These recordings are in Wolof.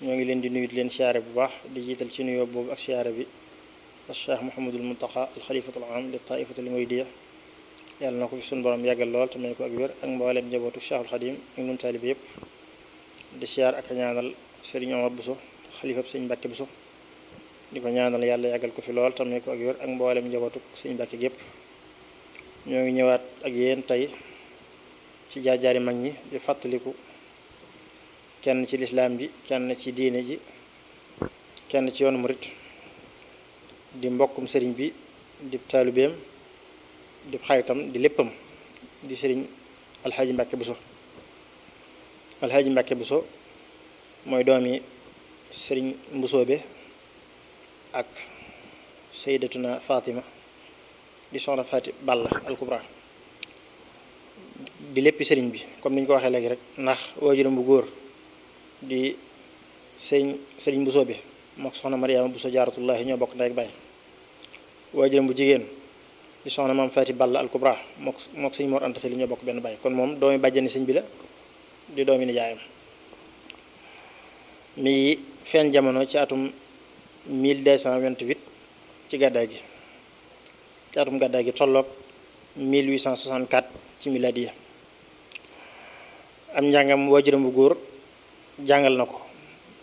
ñoo ngi leen di nuyut leen siyaare bu baax di jiital ci nuyoo boobu ak siyaare bi al cheikh Mouhamadul Muntaxa al xalifatul am li taifatul muridiya yàlla na ko fi suñu borom yàggal lool te may ko ak wér ak mbooleem njabootu cheikhul xadim ak nun taalibe yépp di siyaar ak a ñaanal sëriñ Omar sëñ Mbàkke Bousso di ko ñaanal yàlla yàggal ko fi lool te may ko ak wér ak mbooleem njabootu sëñ Mbàkke gépp ñoo ngi ñëwaat ak yéen tey ci jaar jaari mag ñi di fàttaliku kenn ci lislaam ji kenn ci diine ji kenn ci yoonu murit di mbokkum sëriñ bi di taalibeem di xaritam di léppam di sëriñ alxaaji mbàkke buso alxaaji mbàkke buso mooy doomi sëriñ mbusoobe ak sayyidatuna faatima di soxna fati balla alkubra di léppi sëriñ bi comme ni ñu ko waxee léegi rek ndax waajuram bu góor di sëñ sëriñ Bousso bi mook soxna Mariama Bousso jaaratullahi ñoo bokk ndey ak baay waajuram bu jigéen di soxna maam Faati Balla al Kubra mook mook sëñ Mor Anta Sali ñoo bokk benn baay kon moom doomi bàjjani sëñ bi la di doomi nijaayam mi feeñ jamono ci atum 1228 ci gàddaay gi ci atum gàddaay gi tolloog 1864 ci miladiya am njàngam waajuram bu góor jàngal na ko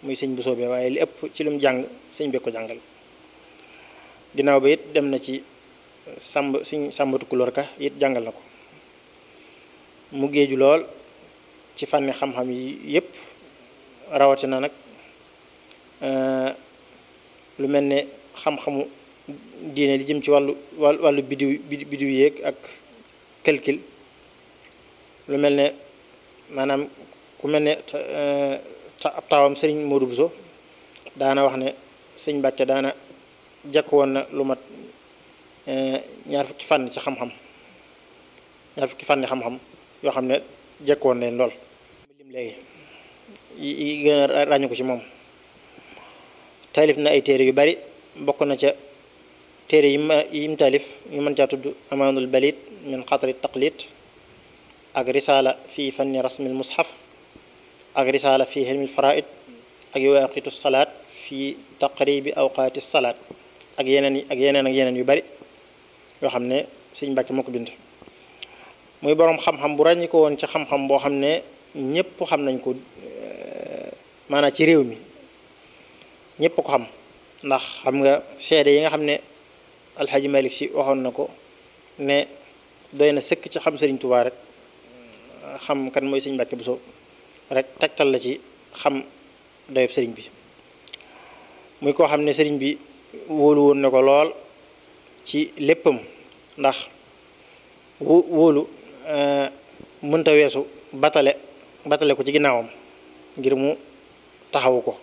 muy sëñ bu soobee waaye li ëpp ci lum jàng sëñ bi ko jàngal ginnaaw ba it dem na ci sàmb sëñ sàmbatu kulóor ka it jàngal na ko mu géeju lool ci fànni xam-xam yi yépp rawatina nag euh, lu mel ne xam-xamu diine li jëm ci wàllu wàllu bidiw bidiw yéeg ak calcul lu mel ne maanaam ku mel ne ab taawam sëriñ Modou Bousso daana wax ne sëñ Mbàkke daana jekk woon na lu mat eh, ñaar fukki fànn ci xam-xam ñaar fukki fànni xam-xam yoo xam ne jekk woon leen lool lim léegi yi gën a ràññu ko ci moom taalif na ay téere yu bari bokk na ca téere yi ma yi mu taalif ñu mën caa tudd amaanul balit min xatari taqlit ak risaala fii fanni rasmil mushaf ak risaala fi hilmil faraid ak yawaaqitu salaat fi taqribi awqaati salaat ak yeneen yi ak yeneen ak yeneen yu bari yoo xam ne sëñ Mbàkke moo ko bind muy boroom xam-xam bu ràññi ko woon ci xam-xam boo xam ne ñépp xam nañ ko eh, maanaam ci réew mi ñépp ko xam ndax xam nga seede yi nga xam ne alxaji malik si waxoon na ko ne doy na sëkk ci xam sëriñ Tuubaa rek xam kan mooy sëñ Mbàkke Buso rek tegtal la ci xam doyob sëriñ bi muy koo xam ne sëriñ bi wóolu woon na ko lool ci léppam ndax wóolu euh, mënta weesu batale batale ko ci ginnaawam ngir mu taxawu ko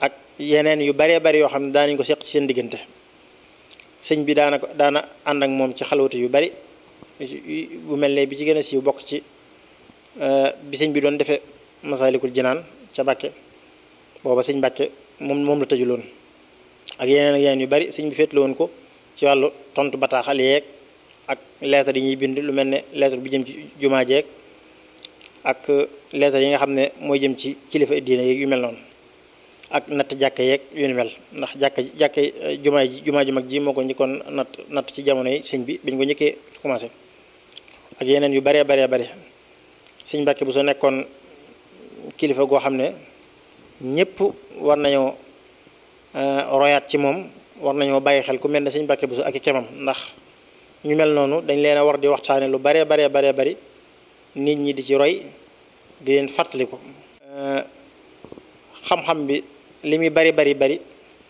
ak yeneen yu baree bari yoo xam ne daanañ ko seq ci seen diggante sëñ bi daana ko daana ànd ak moom ci xalawatu yu bari bu mel ne bi ci gën a siiw bokk ci Eh, bi sëñ bi doon defee Masaalikul Jinaan ca Mbàkke booba sëñ Mbàkke moom moom la tëjuloon ak yeneen ak yeneen yu bari sëñ bi féetlu woon ko ci wàllu tontu bataaxal yeeg ak lettre yi ñuy bind lu mel ne lettre bu jëm ci jumaa jeeg ak eh, lettre yi nga xam ne mooy jëm ci kilifa diine yeeg yu mel noon ak natt jàkka yeeg yu ni mel ndax jàkka jàkka eh, jumaa ji jumaa ju mag ji moo ko njëkkoon natt natt ci jamono yi siñ bi biñ ko njëkkee commencé ak yeneen yu baree baree bare sëñ Mbàkke bu soo nekkoon kilifa goo xam ne ñëpp war nañoo euh, royaat ci moom war nañoo bàyyi xel ku mel ne sëñ Mbàkke bu su ak i kemam ndax ñu mel noonu dañ leen a war di waxtaane lu baree baree baree bari nit ñi di ci roy di leen ko euh, xam-xam bi li muy bari bari bari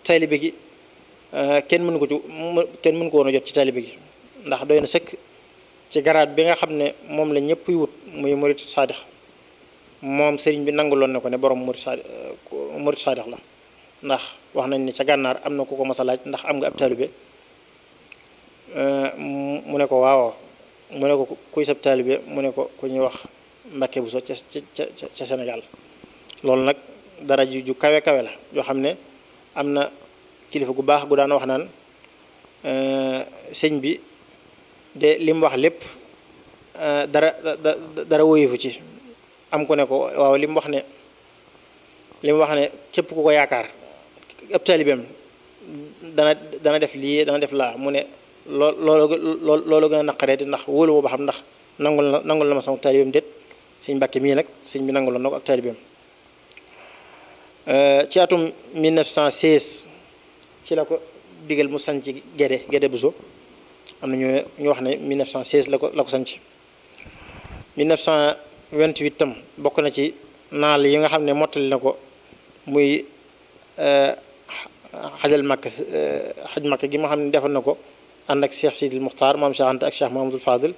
taalibe gi euh, kenn mënu ko ci kenn mënu ko woon a jot ci taalibe gi ndax doy na sëkk ci garaat bi nga xam ne moom la ñëpp wut muy murit saadix moom sëriñ bi nanguloon na ko ne borom murit saadix euh, la ndax wax nañ ni ca gànnaar am na ku ko mas a laaj ndax am nga ab taalibe euh, mu ne ko waawoo mu ne ko kuy sab taalibe mu ne ko ku ñuy wax Mbàkke Buso ca ca ca Sénégal loolu nag dara ju ju kawe kawe la joo xam ne am na kilifa gu baax gu daan wax naan euh, sëñ bi de li wax lépp Euh, dara dara woyefu ci am ko ne ko waaw li mu wax ne li mu wax ne képp ku ko yaakaar ab taalibeem dana dana def lii dana def laa mu ne loo loolu loolu gën a naqaree ndax wóolu mu ba xam ndax nangu la nangu la ma sama taalibeem déet sëñ Mbàkke mii nag sëñ bi nanguloon na ko ak taalibeem euh, ci atum 1916 ci la ko digal mu sanc Gédé Gédé Bousso am na ñu ñu wax ne 1916 la ko la ko sanc 1928 tam bokk na ci naal yi nga xam ne mottali na ko muy xajal eh, makk xaj eh, makk gi ma xam ne defoon na ko ànd ak Cheikh Sidil Muxtaar maam Cheikh Anta ak Cheikh Mahamadul Fadil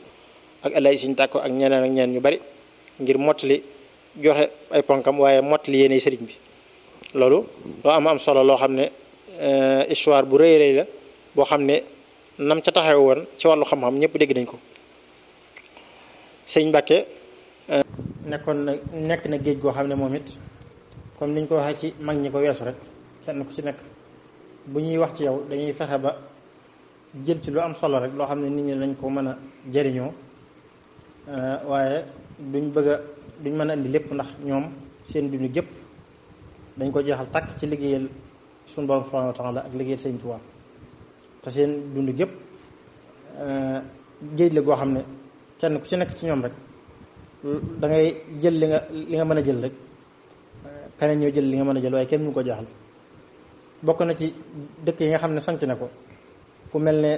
ak El Hadj Sine ak ñeneen ak ñu bari ngir mottali joxe ay ponkam waaye mottali yéene sëriñ bi loolu loo am am solo loo xam ne eh, histoire bu rëy rëy la boo xam ne nam ca taxaw woon ci wàllu xam-xam ñëpp dégg nañ ko. sëñ Mbacke euh, nekkoon na nekk na géej goo xam ne moom it comme niñ ko waxee ci mag ñi ko weesu rek kenn ku ci nekk bu ñuy wax ci yow dañuy fexe ba jël ci lu am solo rek loo xam ne nit ñi lañ ko mën a jëriñoo euh, waaye duñ bëgg a duñ mën a indi lépp ndax ñoom seen dundu gépp dañ ko jeexal takk ci liggéeyal suñu borom subhanahu wa ak liggéeyal sëñ Tuubaa te seen dund gépp euh, géej la goo xam ne kenn ku ci nekk ci ñoom rek dangay jël li nga li nga mën a jël rek keneen ñëw jël li nga mën a jël waaye kenn mu ko jaaxal bokk na ci dëkk yi nga xam ne sanc na ko fu mel ne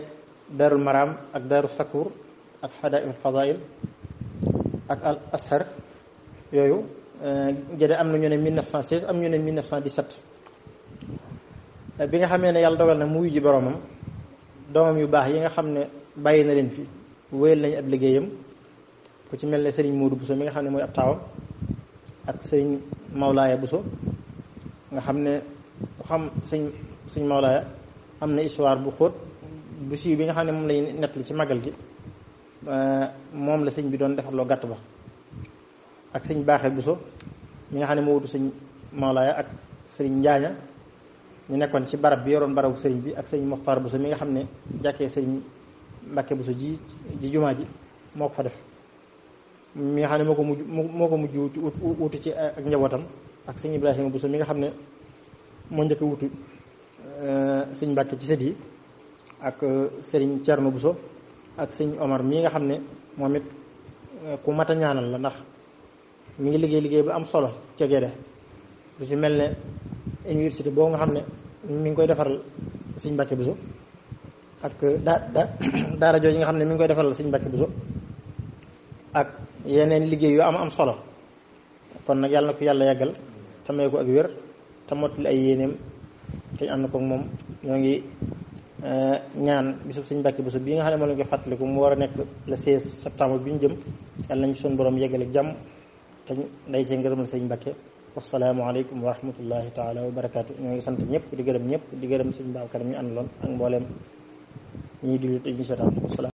daarul maraam ak daaru sakuur ak xadaim ak al ashar yooyu eh, jëde am na ñu ne 1916 am ñu ne 1917 eh, bi nga xamee ne yàlla dogal na mu wuyu ji boromam doomam yu baax yi nga xam ne bàyyi na leen fii wéyal nañu ab liggéeyam ku ci mel ne sëriñ Modou Bousso mi nga xam ne mooy ab taawam ak xam ne ku xam sëñ sëñ Mawlaaya am na histoire bu xóot bu siiw bi nga xam ne moom lañu nettali ci magal gi euh, moom la sëñ bi doon defarloo gàtt ba ak sëñ Baaxe Bousso mi nga xam ne moo wutu sëñ Mawlaaya ak sëriñ Njaaña ñu nekkoon ci barab bi yoroon barabu sëriñ bi ak sëñ Moxtaar Bousso mi nga xam ne jàkkee sëriñ Mbàkke Buso ji ji jumaa ji moo ko fa def mi nga xam ne moo ko mujj moo ko mujj wutu ci ak njabootam ak sëñ Ibrahima Buso mi nga xam ne moo njëkk wutu eh, sëñ Mbàkke ci sët yi ak eh, sëriñ Thierno Buso ak sëñ Omar mii nga xam ne moom it eh, ku mat a ñaanal la ndax mi ngi liggéey liggéey bu am solo ca Gede lu si mel ne université boo nga xam ne mi ngi koy defaral sëñ Mbàkke Buso ak da da daara jooju nga xam ne mi ngi koy defaral sëñ Mbàkke Buso ak yeneen liggéey yu am am solo kon nag yàlla na ko yàlla yàggal te ko ak wér te mottali ay yéeneem te am moom ñoo ngi e, ñaan bisub sëñ Mbàkke Buso bii nga xam ne moo koy fàttaliku mu war a nekk le 16 septembre bi ñu jëm yàlla nañ suñu borom yeggal ak jàmm te day cee ngërëmal sëñ Mbàkke asalaamaaleykum wa rahmatullahi taala wa barakaatu ñoo ngi sant ñëpp di gërëm ñëpp di gërëm siñ sëñ Babacar mi àndaloon ak mbooleem ñuy jullit ak ñu seetaan